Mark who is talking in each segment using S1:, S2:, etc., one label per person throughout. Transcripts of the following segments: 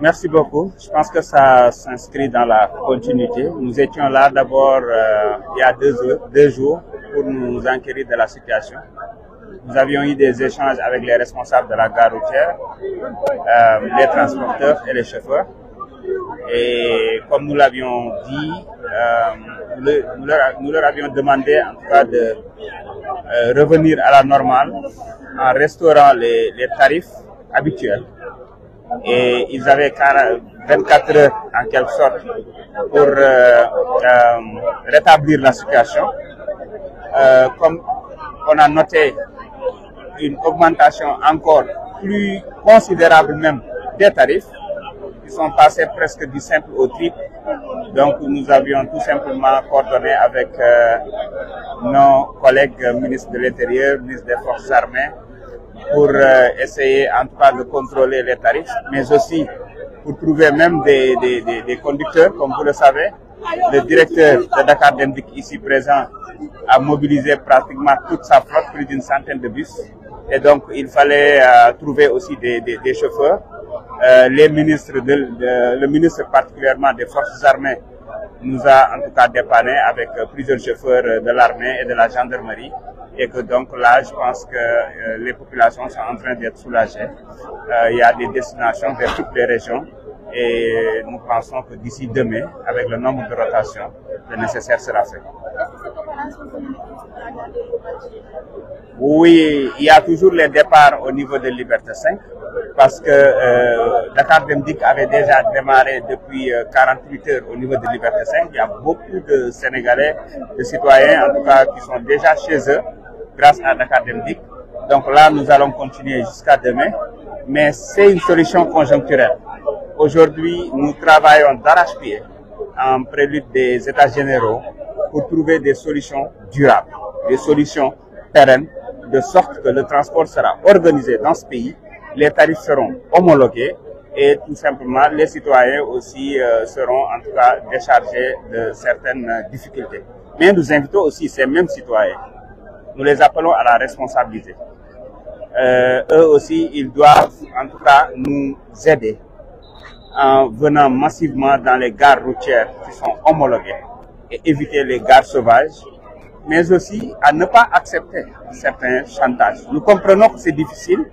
S1: Merci beaucoup. Je pense que ça s'inscrit dans la continuité. Nous étions là d'abord euh, il y a deux, deux jours pour nous enquérir de la situation. Nous avions eu des échanges avec les responsables de la gare routière, euh, les transporteurs et les chauffeurs. Et comme nous l'avions dit, euh, nous, leur, avions demandé en tout cas de revenir à la normale en restaurant les tarifs habituels et ils avaient 24 heures en quelque sorte pour euh, euh, rétablir la situation. Euh, comme on a noté une augmentation encore plus considérable même des tarifs, qui sont passés presque du simple au triple. Donc nous avions tout simplement coordonné avec nos collègues ministres de l'Intérieur, ministres des Forces armées, pour euh, essayer en tout de contrôler les tarifs, mais aussi pour trouver même des, des, des, conducteurs, comme vous le savez. Le directeur de Dakar ici présent a mobilisé pratiquement toute sa flotte, plus d'une centaine de bus. Et donc, il fallait euh, trouver aussi des, des, des chauffeurs. Euh, les ministres de, le ministre particulièrement des Forces armées nous a en tout cas dépanné avec euh, plusieurs chauffeurs euh, de l'armée et de la gendarmerie. Et que donc là, je pense que euh, les populations sont en train d'être soulagées. il y a des destinations vers toutes les régions. Et nous pensons que d'ici demain, avec le nombre de rotations, le nécessaire sera fait. Oui, il y a toujours les départs au niveau de Liberté 5 parce que euh, Dakar Demdik avait déjà démarré depuis 48 euh, heures au niveau de Liberté 5. Il y a beaucoup de Sénégalais, de citoyens en tout cas qui sont déjà chez eux grâce à Dakar Demdik. Donc là, nous allons continuer jusqu'à demain, mais c'est une solution conjoncturelle. Aujourd'hui, nous travaillons d'arrache-pied en prélude des États généraux pour trouver des solutions durables, des solutions pérennes, de sorte que le transport sera organisé dans ce pays, les tarifs seront homologués et tout simplement les citoyens aussi euh, seront en tout cas déchargés de certaines euh, difficultés. Mais nous invitons aussi ces mêmes citoyens, nous les appelons à la responsabilité. Euh, eux aussi, ils doivent en tout cas nous aider en venant massivement dans les gares routières qui sont homologuées et éviter les gardes sauvages, mais aussi à ne pas accepter certains chantages. Nous comprenons que c'est difficile,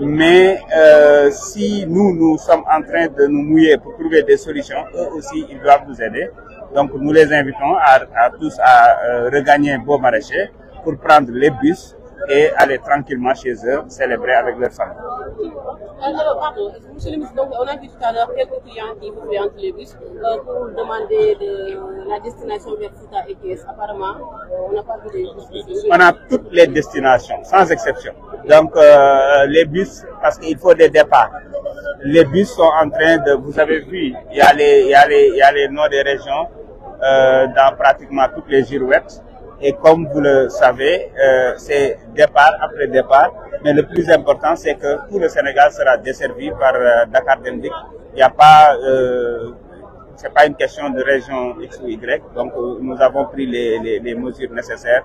S1: mais euh, si nous, nous sommes en train de nous mouiller pour trouver des solutions, eux aussi, ils doivent nous aider. Donc nous les invitons à, tous à regagner euh, regagner Beau Maraîcher pour prendre les bus et aller tranquillement chez eux, célébrer avec leur famille. Euh, alors, pardon, monsieur le ministre, donc, on a vu tout à l'heure quelques clients qui vous entre les bus euh, pour demander la destination vers Fouta et Kies. Apparemment, on n'a pas vu les bus. On a toutes les destinations, sans exception. Donc, euh, les bus, parce qu'il faut des départs. Les bus sont en train de, vous avez vu, il y a les, les, les noms des régions euh, dans pratiquement toutes les girouettes. Et comme vous le savez, euh, c'est départ après départ. Mais le plus important, c'est que tout le Sénégal sera desservi par euh, Dakar Dendik. Il n'y a pas, euh, c'est pas une question de région X ou Y. Donc, nous avons pris les, les mesures nécessaires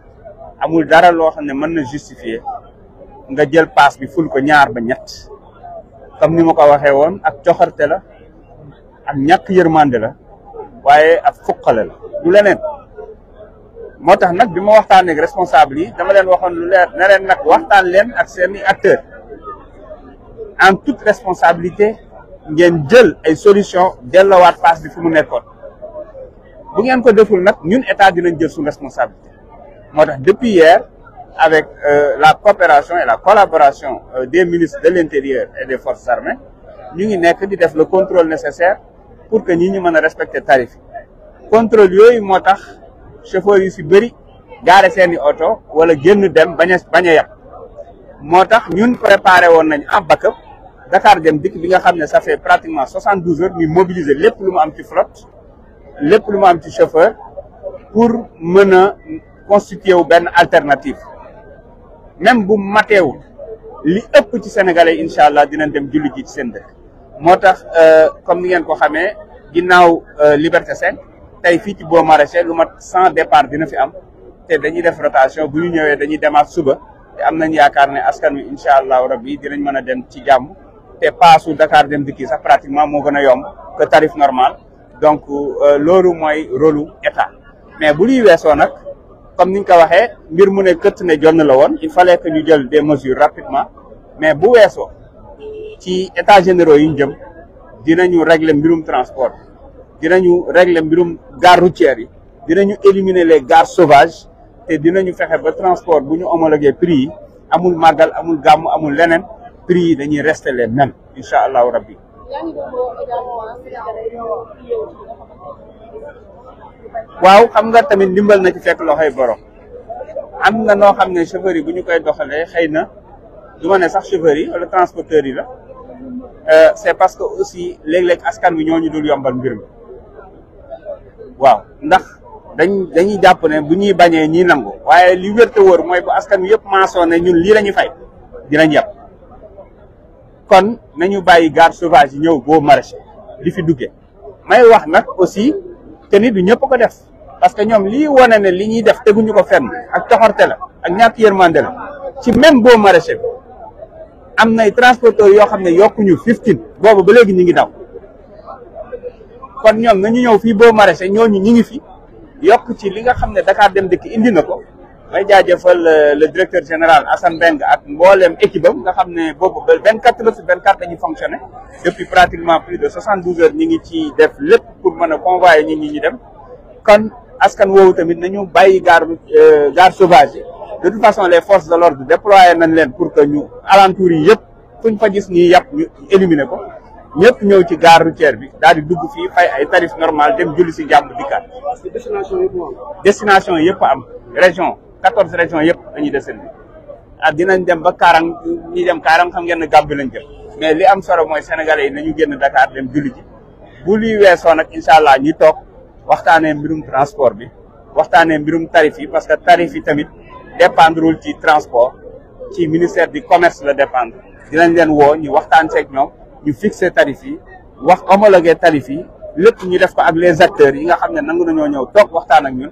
S1: amul dara loo xam ne mën na justifier nga jël paas bi ful ko ñaar ba ñett comme ni ma ko waxee woon ak coxarte la ak ñàkk yërmande la waaye ak fuqale la du leneen moo tax nag bi ma waxtaanee ak responsable yi dama leen waxoon lu leer ne leen nag waxtaan leen ak seeni acteur en toute responsabilité ngeen jël ay solution delloowaat paas bi fu mu nekkoon bu ngeen ko deful nag ñun état dinañ jël suñu responsabilité depuis hier avec euh, la coopération et la collaboration euh, des ministres de l'intérieur et des forces armées nous avons fait le contrôle nécessaire pour que nous ñu les tarifs. respecter tarif contrôle est moo tax chauffeurs yu si bëri gaare seeni oto wala de dem Nous avons préparé un backup Dakar Dem ça fait pratiquement 72 heures nous mobiliser mobilisons les mu am ci flotte lépp lu chauffeur pour mener... constitué wu benn alternative même bu mateewul li ëpp ci sénégalais incha allah dinañ dem julli ji ci seen dëkk moo tax euh, comme ni ngeen ko xamee ginnaaw euh, Liberté 5 tey fii ci boo maraîcher lu mat sans départ dina fi am te dañuy def rotation bu ñu ñëwee dañuy demaat suba te am nañ yaakaar ne askan wi incha allahu rabbi dinañ mën a dem ci jàmm te paasu Dakar dem dikki sax pratiquement moo gën a yomb que tarif normal donc euh, loolu mooy rôlu état mais bu luy comme ni nga ko waxee mbir mu ne këtt ne jonn la woon il fa que ñu jël des mesures rapidement mais bu weesoo ci états généraux yi ñu jëm dinañu régler mbirum transport dinañu régler mbirum gare routière yi dinañu éliminer les gar sauvages te dinañu fexe ba transport bu ñu homologué prix yi amul màggal amul gàmm amul leneen prix yi dañuy rester les mêmes incha allahu rabbi waaw xam nga tamit ndimbal na ci fekk loxoy borom am na noo xam ne chauffeur bu ñu koy doxalee xëy na du ma ne sax chauffeur yi transporteur yi la euh, c'est parce que aussi léeg-léeg askan wi ñoo ñu dul yombal mbir mi waaw ndax dañ dañuy jàpp ne bu ñuy bañee ñii nangu waaye li wér te mooy bu askan wi yëpp maasoo ne ñun lii lañuy fay dinañ yàpp kon nañu bàyyi gare sauvage yi ñëw boo maraîcher di fi duggee may wax nag aussi. te nit du ñëpp ko def parce que ñoom lii wane ne li ñuy def teguñu ko fen ak toxorte la ak ñàkk yërmande la ci même boo maraîcher bi am nay transporteur yoo xam ne yokkuñu fifteen boobu ba léegi ñu ngi daw kon ñoom na nañu ñëw fii boo maraîcher ñooñu ñu ngi fi yokk ci li nga xam ne Dakar dem dëkk indi na ko may jaajëfal euh, le directeur général Hassan Beng, ak mboolem équipe am nga xam ne boobu 24 heures sur vingt fonctionné depuis pratiquement plus de 72 heures nous ngi ci def pour mën convoyer ñi ñi ñu dem kon askan woowu tamit nañu bàyyi gare euh, sauvage de toute façon les forces de l'ordre déployé nañ leen pour que ñu à yi yëpp fuñ fa gis nii yàpp éliminer ko ñëpp ñëw ci gare routière bi daal di dugg fii fay ay tarif normal dem julli si jàmm dikkaat destination yëpp am région quatorze régions yëpp dañuy desservir ah dinañ dem ba Kaarang ñi dem Kaarang xam ngeen ne Gàmbi lañ jëm mais li am solo mooy sénégalais yi nañu génn Dakar dem julli ji bu luy weesoo nag incha allah ñi toog waxtaanee mbirum transport bi waxtaanee mbirum tarif yi parce que tarif yi tamit dépendrewul ci transport ci ministère du commerce la dépendre dinañ leen woo ñu waxtaan seeg ñoom ñu fixé tarif yi wax homologué tarif yi lépp ñu def ko ak les acteurs yi nga xam ne nangu nañoo ñëw toog waxtaan ak ñun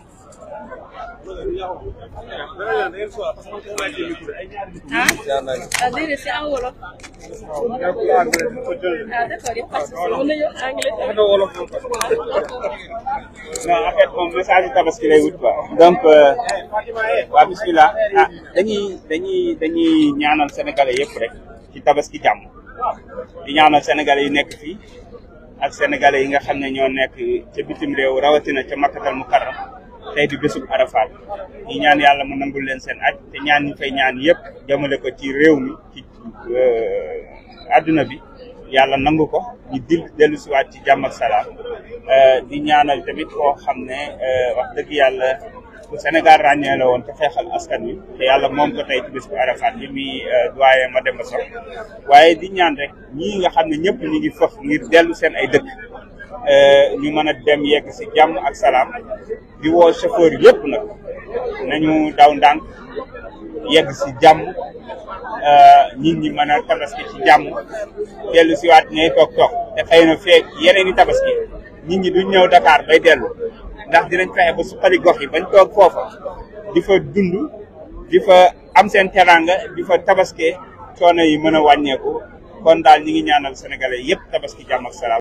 S1: ah déedéet parce que mën nañoo anglais non moom message yi tabaski lay wut quoi. donc waa bismillah ah dañuy dañuy dañuy ñaanal sénégalais yëpp rek ci tabaski jàmm di ñaanal sénégalais yi nekk fii ak sénégalais yi nga xam ne ñoo nekk ca bitim réew rawatina ca makkatal mu karam tey di bésub Arafat ñi ñaan yàlla mu nangul leen seen aj te ñaan ñi fay ñaan yëpp jëmale ko ci réew mi ci àdduna euh, bi yàlla nangu ko ñu dil dellu siwaat ci jàmm ak salaam euh, di ñaanal tamit koo xam ne euh, wax dëgg yàlla bu Sénégal ràññee la woon te xeexal askan wi te yàlla moom ko tey ci bés Arafat li muy doyen ma dem ba sax waaye di ñaan rek ñii nga xam ne ñëpp ñu ngi fëf ngir dellu seen ay dëkk Euh, ñu mën a dem yegg si jàmm ak salaam di woo chauffeur yëpp nag nañu daw ndànk yegg si jàmm euh, nit ñi man a tabaski ci jàmm dellu si waat ñay toog toog te xëy na feek yeneen i tabaski nit ñi duñ ñëw Dakar bay dellu ndax dinañ fexe ba suqali gox yi bañ toog foofa di fa dund difa am seen teranga di fa tabaske coono yi mën a wàññeeku kon daal ñi ngi ñaanal sénégalais yëpp tabaski jàmm ak salaam